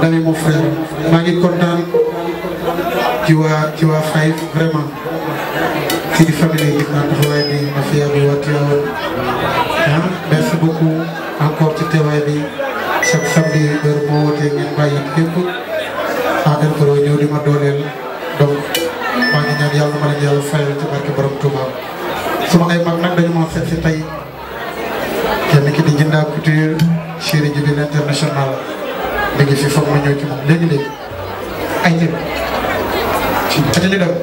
madame et mon frère maa ngi kontaan ci waa ci vraiment ci di famille bi naan taxawaay bi na fi yàgg waa Tivaouane ah merci beaucoup encore ci teewaay bi chaque samedi heure boo wootee ngeen di ma dooleel donc maa ngi ñaan yàlla ma leen yàlla fayal ci barke borom Touba suma ay mag nag dañu ma seet si tey kenn ki di jëndaa couture chéri international mi ngi fi foog ma ñëw ci moom léegi-léegi ay nit ci li dem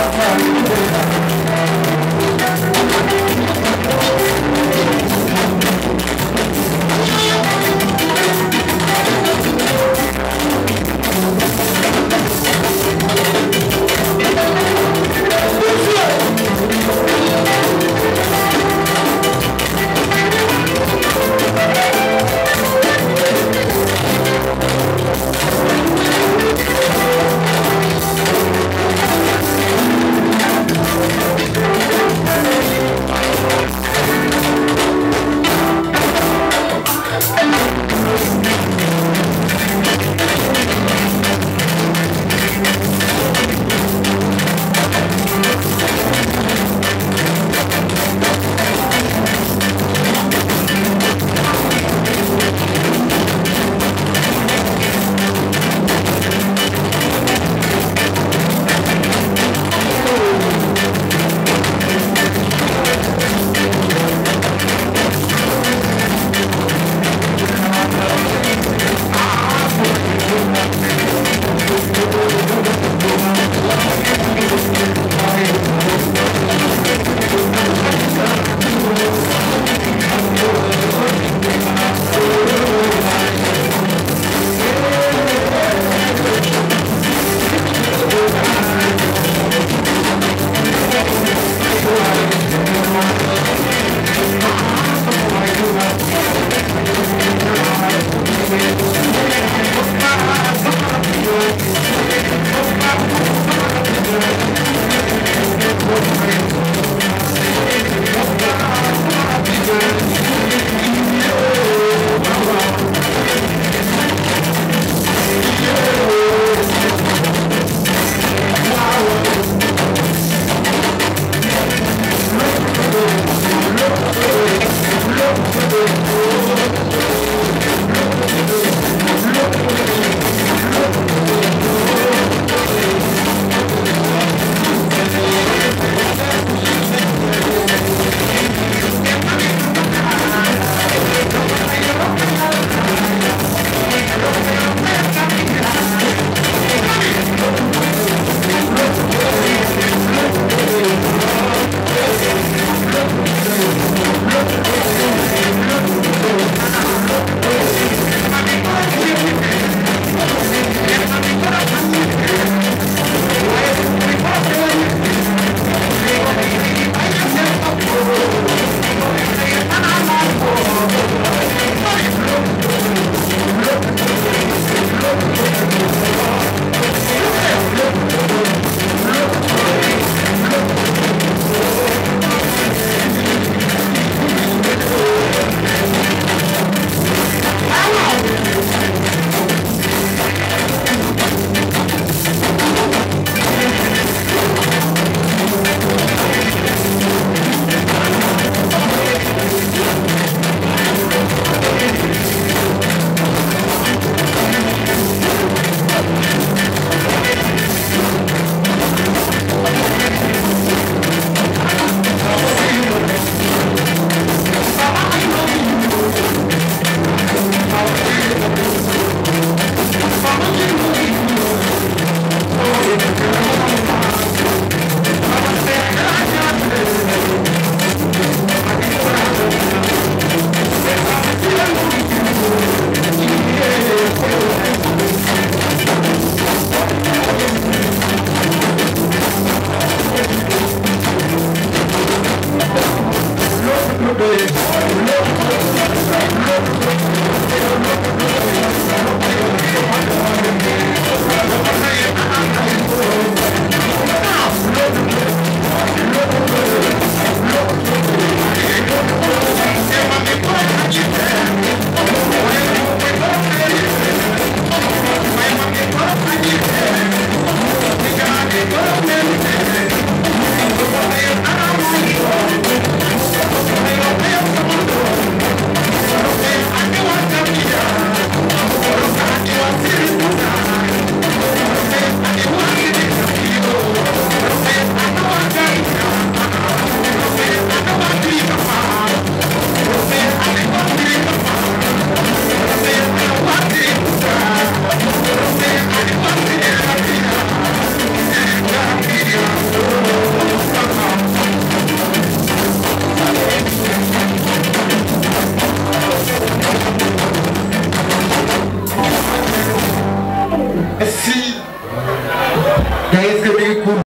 Thank you.